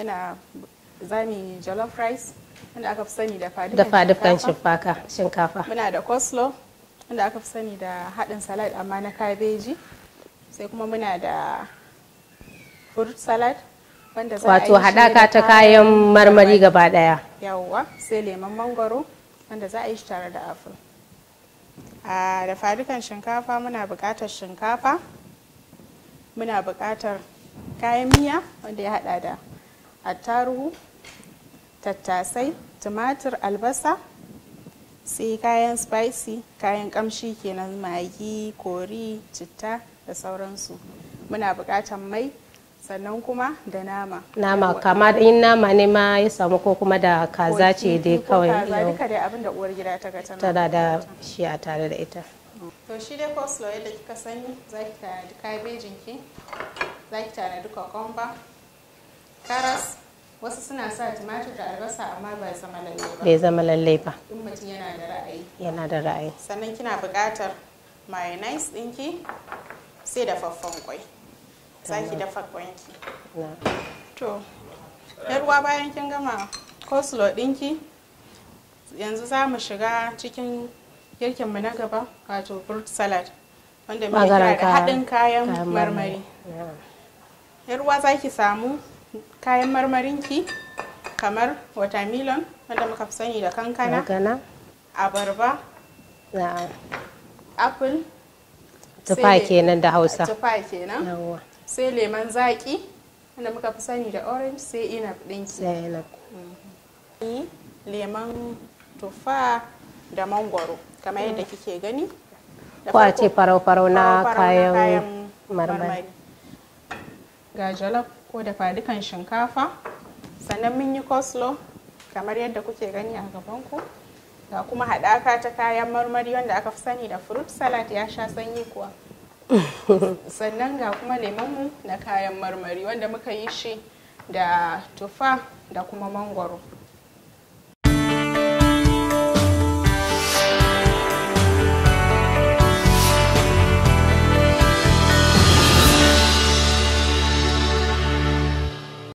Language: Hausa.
muna zami jollof rice wanda aka fi sani da fadukan shinkafa muna da coleslaw wanda aka fi sani da haɗin salad amma na kabeji sai kuma muna da fruit salad wanda za wato haɗaka ta kayan marmari gaba ɗaya yawwa sai lemon mangoro wanda za a yi shi tare da apple a da fadukan shinkafa muna buƙatar shinkafa muna buƙatar kayan miya wanda ya haɗa da attaruhu tattasai tumatir albasa sai kayan spicy kayan kamshi kenan magi kori citta da sauransu muna buƙatar mai sannan kuma da nama nama kama in nama ne ma ya samu ko kuma da kaza ce dai kawai kaza duka dai abin da uwar gida ta ga tana da shi a tare da ita to shi dai coleslaw yadda kika sani zaki tanadi kabejin ki zaki tanadi cucumber karas wasu suna sa tumatir da albasa amma ba zama lallai ba bai zama lallai ba in mutum yana da ra'ayi yana da ra'ayi sannan kina buƙatar mayonnaise ɗinki sai dafaffen kwai ki dafa kwanki to ruwa bayan kin gama coleslaw ɗinki yanzu za mu shiga cikin girkinmu na gaba wato fruit salad wanda mai kira da haɗin kayan marmari ruwa za ki samu kayan marmarinki kamar watermelon wanda muka fi sani da kankana abarba apple tufa kenan da hausa tufa kenan sai lemon zaki wanda muka fi sani da orange sai inab ɗinki mhm. lemon tufa da mangoro, kamar yadda kike gani ko a ce farau-farau na kayan marmari ga jalof ko da dukan shinkafa sannan mun yi koslo kamar yadda kuke gani a gabanku ga kuma haɗaka ta kayan marmari wanda aka fi sani da fruit salad ya sha sanyi kuwa sannan ga kuma mu na kayan marmari wanda muka yi shi da tufa da kuma mangoro.